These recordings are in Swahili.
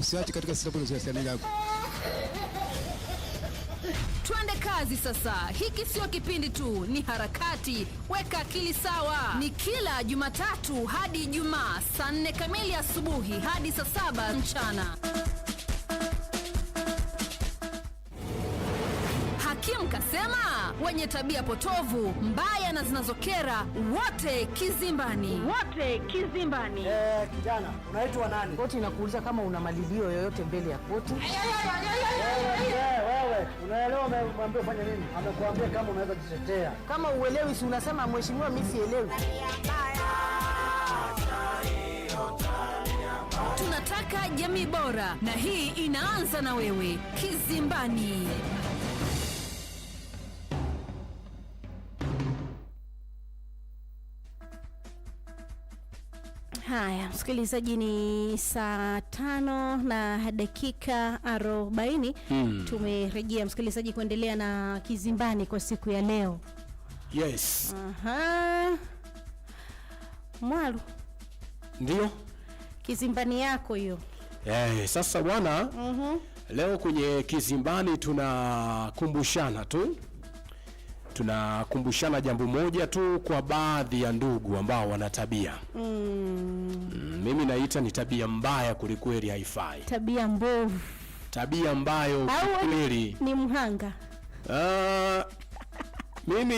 usiache katika siaani yako. Twende kazi sasa. Hiki sio kipindi tu, ni harakati. Weka akili sawa, ni kila Jumatatu hadi Ijumaa saa nne kamili asubuhi hadi saa saba mchana. wenye tabia potovu mbaya na zinazokera, wote kizimbani, wote kizimbani. Eh, kijana unaitwa nani? Koti inakuuliza kama una malilio yoyote mbele ya koti. Wewe unaelewa nini? Amekuambia kama unaweza Kama uelewi, si unasema mheshimiwa, mimi sielewi. Tunataka jamii bora, na hii inaanza na wewe. Kizimbani. Haya msikilizaji, ni saa tano na dakika arobaini. Hmm. Tumerejea msikilizaji kuendelea na Kizimbani kwa siku ya leo. Yes. Aha. Mwalu, ndio Kizimbani yako hiyo. Hey, eh, sasa bwana. Mm -hmm. Leo kwenye Kizimbani tunakumbushana tu tunakumbushana jambo moja tu kwa baadhi ya ndugu ambao wana tabia mm. Mm, mimi naita ni tabia mbaya kwelikweli, haifai, tabia mbovu, tabia ambayo kweli ni mhanga ah, mimi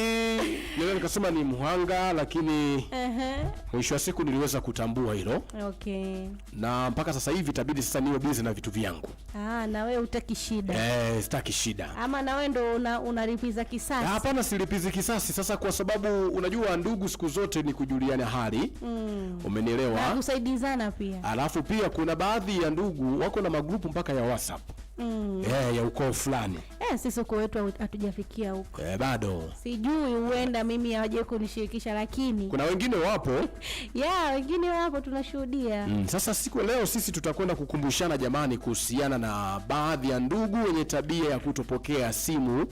naweza nikasema ni mhanga lakini uh -huh. Mwisho wa siku niliweza kutambua hilo. Okay. Na mpaka sasa hivi itabidi sasa niwe busy na vitu vyangu. Ah, na wewe utaki shida. Eh, sitaki shida. Ama na wewe ndo unalipiza una kisasi. Hapana, silipizi kisasi sasa kwa sababu unajua ndugu siku zote ni kujuliana hali. Mm. Umenielewa? Na kusaidizana pia. Alafu pia kuna baadhi ya ndugu wako na magrupu mpaka ya WhatsApp mm. eh, ya ukoo fulani eh, sisi ukoo wetu hatujafikia huko eh, bado sijui, huenda mimi hawaje kunishirikisha, lakini kuna wengine wapo yeah, wengine wapo tunashuhudia. mm. Sasa siku leo sisi tutakwenda kukumbushana jamani, kuhusiana na baadhi ya ndugu wenye tabia ya kutopokea simu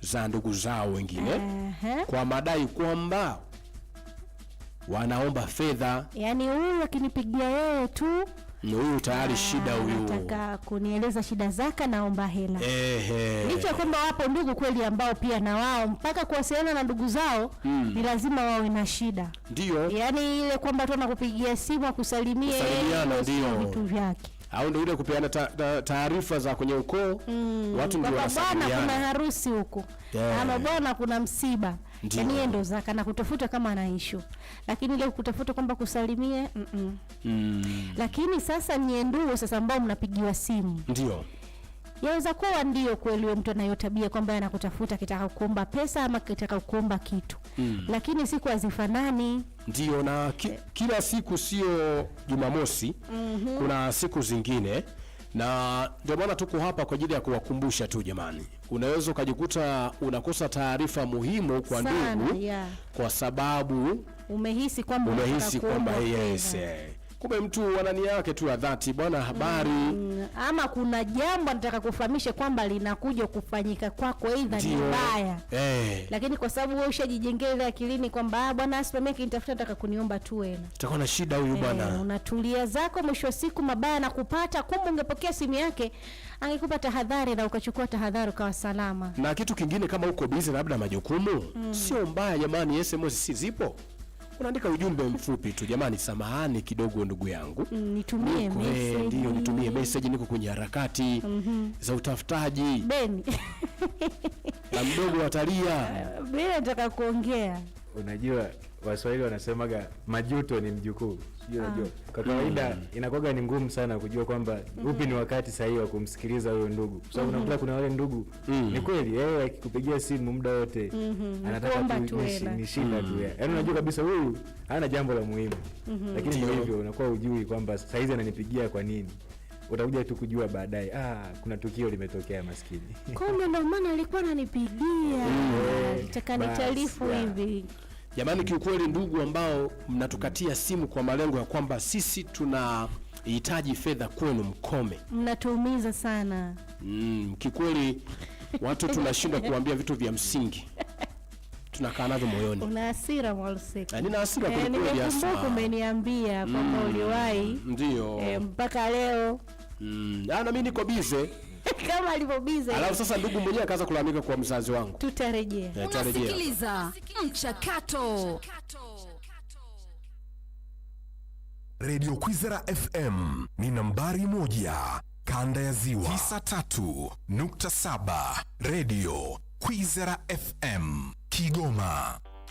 za ndugu zao wengine uh -huh. kwa madai kwamba wanaomba fedha, yaani huyu akinipigia yeye tu huyu tayari ah, shida huyu, nataka kunieleza shida zake, naomba hela. Licha kwamba wapo ndugu kweli ambao pia na wao mpaka kuwasiliana na ndugu zao mm. ni lazima wawe na shida, ndio yaani ile kwamba tu anakupigia simu akusalimie, ndio vitu vyake au ndio ile kupeana taarifa za kwenye ukoo mm. Watu ndio wanasaidiana, kuna harusi huko yeah. Ama bwana kuna msiba, yaani yeye zaka na kutafuta kama ana issue, lakini ile kutafuta kwamba kusalimie mm -mm. Mm. Lakini sasa nyie sasa ambao mnapigiwa simu ndio Yaweza kuwa ndio kweli huyo mtu anayo tabia kwamba anakutafuta kitaka kuomba pesa ama kitaka kuomba kitu mm. Lakini siku hazifanani, ndio na ki, kila siku sio Jumamosi mm -hmm. Kuna siku zingine na ndio maana tuko hapa kwa ajili ya kuwakumbusha tu jamani, unaweza ukajikuta unakosa taarifa muhimu kwa ndugu yeah. Kwa sababu umehisi kwamba umehisi kwamba yes eh kumbe mtu ana nia yake tu ya dhati bwana. Habari mm, ama kuna jambo nataka kufahamisha kwamba linakuja kufanyika kwako, aidha ni mbaya eh. Lakini kwa sababu wewe ushajijengea ile akilini kwamba ah, bwana Asma mimi kinitafuta, nataka kuniomba tu wena, utakuwa na shida huyu eh, bwana unatulia zako, mwisho wa siku mabaya na kupata. Kumbe ungepokea simu yake angekupa tahadhari na ukachukua tahadhari ukawa salama. Na kitu kingine kama uko busy labda majukumu mm, sio mbaya jamani, SMS zipo unaandika ujumbe mfupi tu, jamani, samahani kidogo ndugu yangu, mm, nitumie eh, message, ndio nitumie message, niko kwenye harakati mm -hmm. za utafutaji Beni na mdogo watalia, Beni nataka kuongea, unajua Waswahili wanasemaga majuto ni mjukuu, sijui ah. Kwa kawaida mm. inakuwaga ni ngumu sana kujua kwamba mm. upi ni mm-hmm. wakati sahihi wa kumsikiliza huyo ndugu, kwa sababu mm-hmm. unakuta kuna wale ndugu mm. ni kweli yeye akikupigia simu muda wote mm -hmm. anataka tu ni shida tu, mm. yaani unajua kabisa huyu hana jambo la muhimu mm -hmm. lakini ndio hivyo unakuwa ujui kwamba saa hizi ananipigia kwa nini utakuja tu kujua baadaye, ah, kuna tukio limetokea, maskini. Kumbe ndio maana alikuwa ananipigia, alitaka eh, hivi. Jamani, kiukweli ndugu ambao mnatukatia simu kwa malengo ya kwamba sisi tunahitaji fedha kwenu, mkome, mnatuumiza sana. Mm, kikweli watu tunashindwa kuambia vitu vya msingi tunakaa navyo moyoni. Una hasira Mwalseki? Eh, nina hasira kwa eh, kweli. Nimekumbuka umeniambia kwamba mm, uliwahi ndio eh, mpaka leo. Mm, ah, na mimi niko busy kama alivyobiza. Alafu sasa ndugu mmoja akaanza kulalamika kwa mzazi wangu. Tutarejea. Eh, Sikiliza Mchakato. Radio Kwizera FM ni nambari moja kanda ya ziwa 93.7 Radio Kwizera FM Kigoma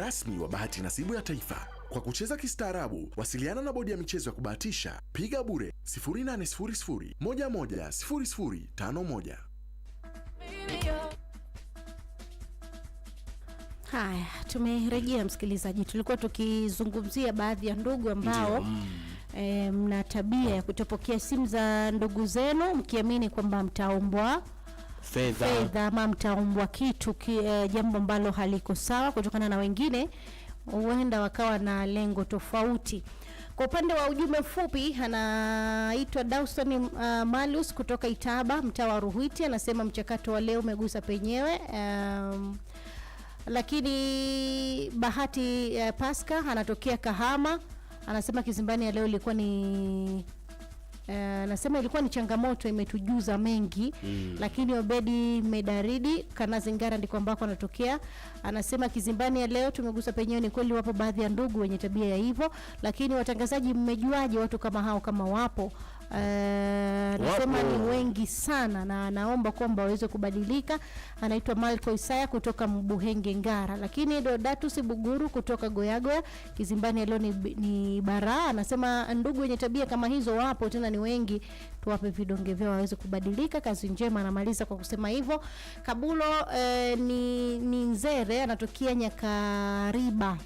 rasmi wa bahati nasibu ya taifa. Kwa kucheza kistaarabu, wasiliana na bodi ya michezo ya kubahatisha. Piga bure 0800 11 0051. Haya, tumerejea msikilizaji. Tulikuwa tukizungumzia baadhi ya ndugu ambao eh, mna tabia ya kutopokea simu za ndugu zenu mkiamini kwamba mtaombwa fedha, fedha ama mtaumbwa kitu ki, e, jambo ambalo haliko sawa, kutokana na wengine huenda wakawa na lengo tofauti. Kwa upande wa ujumbe mfupi anaitwa Dawson uh, Malus kutoka Itaba, mtaa wa Ruhwiti, anasema mchakato wa leo umegusa penyewe um, lakini Bahati uh, Paska anatokea Kahama, anasema kizimbani ya leo ilikuwa ni anasema eh, uh, ilikuwa ni changamoto, imetujuza mengi mm. Lakini Obedi Medaridi Kanazi Ngara ndiko ambako anatokea, anasema Kizimbani ya leo tumegusa penyewe. Ni kweli wapo baadhi ya ndugu wenye tabia ya hivyo, lakini watangazaji, mmejuaje watu kama hao kama wapo anasema eh, uh, ni wengi sana na anaomba kwamba waweze kubadilika. Anaitwa Malko Isaya kutoka Mbuhenge Ngara, lakini Dodatus Buguru kutoka Goyagoya Kizimbani alio ni, ni bara anasema ndugu wenye tabia kama hizo wapo tena ni wengi, tuwape vidonge vyao waweze kubadilika. Kazi njema, anamaliza kwa kusema hivyo. Kabulo uh, ni, ni Nzere anatokea Nyakariba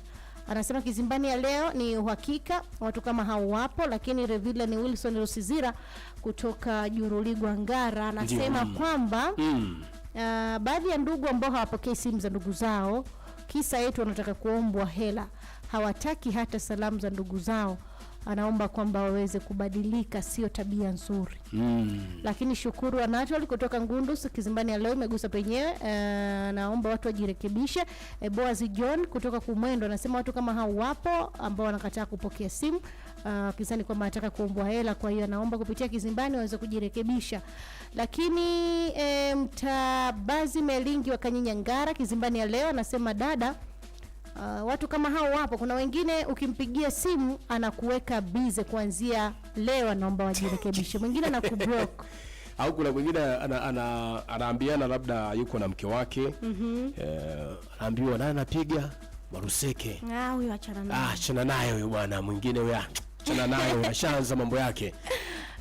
anasema kizimbani ya leo ni uhakika watu kama hao wapo, lakini revila ni Wilson Rusizira kutoka Juruligwa Ngara anasema mm. kwamba mm. uh, baadhi ya ndugu ambao hawapokei simu za ndugu zao, kisa yetu wanataka kuombwa hela, hawataki hata salamu za ndugu zao anaomba kwamba waweze kubadilika, sio tabia nzuri mm. Lakini shukuru anacho alikotoka Ngundu Kizimbani ya leo imegusa penyewe. Uh, watu wajirekebishe. E, eh, Boaz John kutoka Kumwendo anasema watu kama hao wapo ambao wanakataa kupokea simu uh, eh, kisani kwamba anataka kuombwa hela, kwa hiyo anaomba kupitia Kizimbani waweze kujirekebisha. Lakini e, mtabazi Melingi wa Kanyinyangara Kizimbani ya leo anasema dada Uh, watu kama hao wapo. Kuna wengine ukimpigia simu anakuweka bize kuanzia leo, anaomba wajirekebishe. Mwingine anakublock au kuna mwingine ana, anaambiana labda yuko na mke wake mm -hmm. Eh, anaambiwa naye anapiga maruseke, ah, huyo achana naye, ah, achana naye huyo bwana mwingine huyo, ah, achana naye ashaanza mambo yake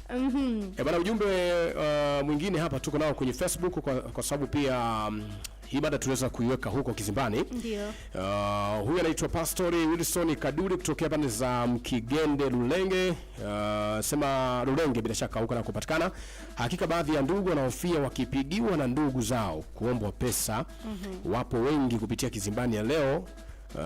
mm -hmm. bana ujumbe uh, mwingine hapa tuko nao kwenye Facebook kwa, kwa sababu pia um, hii mada tuweza kuiweka huko Kizimbani. Ndio. Uh, huyu anaitwa Pastori Wilson Kaduri kutokea pande za Mkigende Lulenge, uh, sema Lulenge bila shaka huko anakopatikana. Hakika baadhi ya ndugu wanaofia wakipigiwa na ndugu zao kuombwa pesa mm -hmm. Wapo wengi kupitia Kizimbani ya leo. Uh,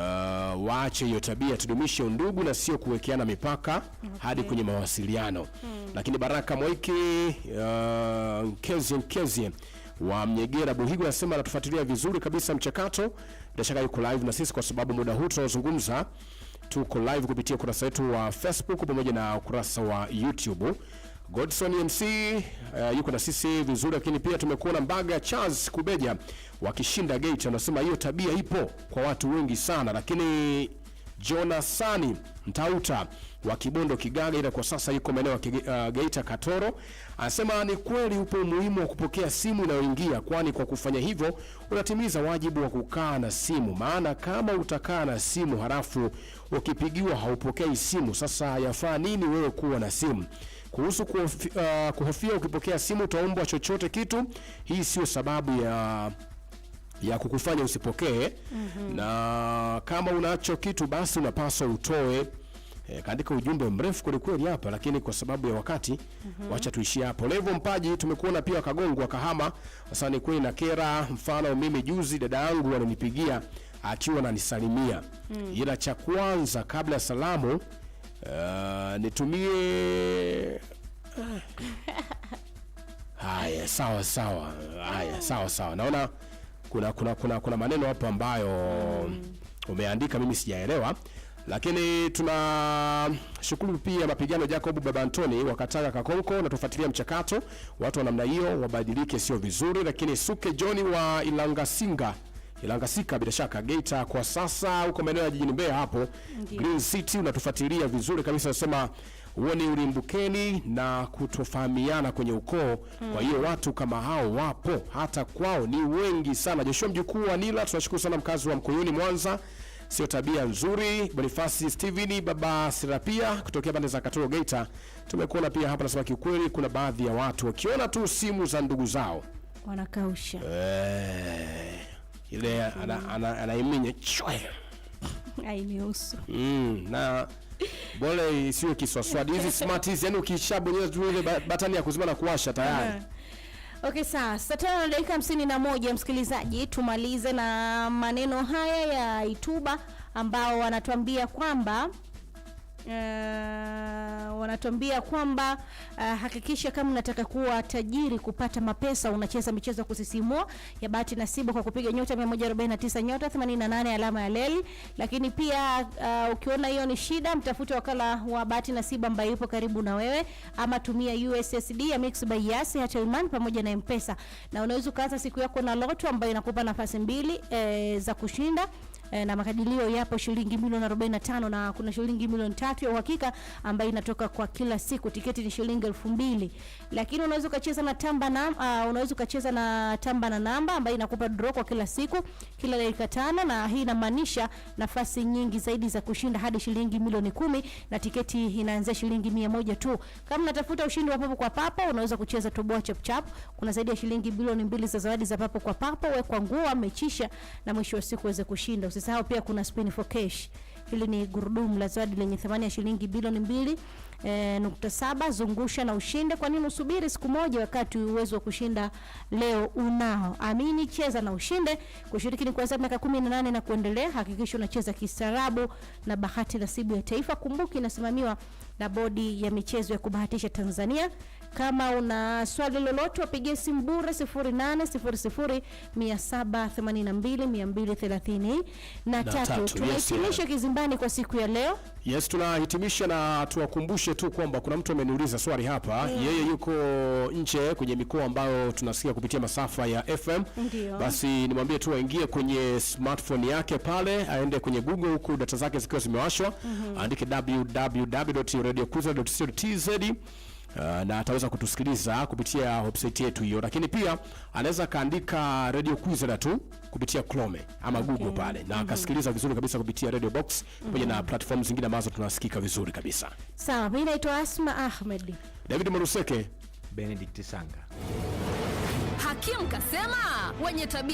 waache hiyo tabia, tudumishe undugu na sio kuwekeana mipaka okay, hadi kwenye mawasiliano hmm. Lakini Baraka Mwiki uh, Kezi Kezi wa Mnyegera Buhigo anasema anatufuatilia vizuri kabisa mchakato, bila shaka yuko live na sisi, kwa sababu muda huu tunaozungumza tuko live kupitia ukurasa wetu wa Facebook pamoja na ukurasa wa YouTube. Godson MC uh, eh, yuko na sisi vizuri, lakini pia tumekuona Mbaga ya Charles Kubeja wakishinda Geita, anasema hiyo tabia ipo kwa watu wengi sana, lakini Jonasani Mtauta wa Kibondo Kigaga, ila kwa sasa yuko maeneo ya uh, Geita Katoro, anasema ni kweli upo umuhimu wa kupokea simu inayoingia, kwani kwa kufanya hivyo unatimiza wajibu wa kukaa na simu. Maana kama utakaa na simu halafu ukipigiwa haupokei simu, sasa yafaa nini wewe kuwa na simu? Kuhusu kuhofia, uh, kuhofia ukipokea simu utaombwa chochote kitu, hii sio sababu ya ya kukufanya usipokee mm -hmm. Na kama unacho kitu basi unapaswa utoe. E, kaandika ujumbe mrefu kwelikweli hapa lakini kwa sababu ya wakati mm -hmm. Wacha tuishie hapo. Levo Mpaji tumekuona pia wakagongwa kahama sasa, ni kweli na kera. Mfano mimi juzi dada yangu alinipigia akiwa ananisalimia mm. Ila cha kwanza kabla ya salamu uh, nitumie haya sawa sawa, haya sawa sawa, naona kuna, kuna, kuna, kuna maneno hapo ambayo mm. umeandika mimi sijaelewa, lakini tuna shukuru pia mapigano Jacob Babantoni wakataka Kakonko na tufuatilia mchakato watu wa namna hiyo wabadilike, sio vizuri. Lakini Suke John wa Ilangasinga Ilangasika bila shaka Geita kwa sasa, huko maeneo ya jijini Mbeya hapo Green City, unatufuatilia vizuri kabisa, nasema huo ni ulimbukeni na kutofahamiana kwenye ukoo. Hmm. Kwa hiyo watu kama hao wapo hata kwao, ni wengi sana. Joshua mjukuu wa Nila, tunashukuru sana, mkazi wa Mkuyuni, Mwanza. Sio tabia nzuri. Bonifasi Steven, baba sirapia kutokea pande za Katoro, Geita, tumekuona pia hapa. Nasema kiukweli, kuna baadhi ya watu wakiona tu simu za ndugu zao wanakausha eh, ile, anaiminya chwe, mm, na Bora isiwe kiswaswadi. Hizi smart hizi yani ukishabonyeza tu ile batani ya kuzima na kuwasha tayari. Uh-huh. Okay, sawa. Saa tano na dakika hamsini na moja msikilizaji, tumalize na maneno haya ya Ituba ambao wanatuambia kwamba uh, wanatuambia kwamba uh, hakikisha kama unataka kuwa tajiri kupata mapesa unacheza michezo kusisimua ya bahati nasibu kwa kupiga nyota 149 nyota 88 alama ya leli. Lakini pia uh, ukiona hiyo ni shida, mtafute wakala wa bahati nasibu ambaye yupo karibu na wewe, ama tumia USSD ya Mix by Yas, Airtel Money pamoja na Mpesa, na unaweza ukaanza siku yako na loto ambayo inakupa nafasi mbili e, za kushinda e, na makadirio yapo shilingi milioni 45 na kuna shilingi milioni tatu ya uhakika ambayo inatoka kwa kila siku. Tiketi ni shilingi elfu mbili lakini unaweza ukacheza na tamba na uh, unaweza ukacheza na tamba na namba ambayo inakupa draw kwa kila siku kila dakika tano, na hii inamaanisha nafasi nyingi zaidi za kushinda hadi shilingi milioni kumi na tiketi inaanzia shilingi mia moja tu. Kama unatafuta ushindi wa papo kwa papo, unaweza kucheza toboa chap. Kuna zaidi ya shilingi bilioni mbili za zawadi za papo kwa papo. Wekwa nguo amechisha, na mwisho wa siku uweze kushinda. Usisahau pia kuna spin for cash. Hili ni gurudumu la zawadi lenye thamani ya shilingi bilioni mbili e, nukta saba. Zungusha na ushinde. Kwa nini usubiri siku moja wakati uwezo wa kushinda leo unao? Amini, cheza na ushinde. Kushiriki ni kuanzia miaka 18 na kuendelea. Hakikisha unacheza kistaarabu, na bahati nasibu ya taifa kumbuki, inasimamiwa na bodi ya michezo ya kubahatisha Tanzania. Kama una swali lolote, wapigie simu bure 0800 na tatu. Tunahitimisha kizimbani kwa siku ya leo. Yes, tunahitimisha na tuwakumbushe tu kwamba kuna mtu ameniuliza swali hapa yeah. Yeye yuko nje kwenye mikoa ambayo tunasikia kupitia masafa ya FM. Ndiyo. Basi nimwambie tu aingie kwenye smartphone yake pale, aende kwenye Google huku data zake zikiwa zimewashwa mm -hmm. Andike www Radio Kwizera .co.tz uh, na ataweza kutusikiliza kupitia website yetu hiyo, lakini pia anaweza akaandika Radio Kwizera tu kupitia Chrome ama okay, Google pale na mm-hmm. akasikiliza mm -hmm. vizuri kabisa kupitia Radio Box pamoja mm -hmm. na platform zingine ambazo tunasikika vizuri kabisa. Sawa, mimi naitwa Asma Ahmed. David Maruseke, Benedict Sanga. Hakim kasema wenye tabia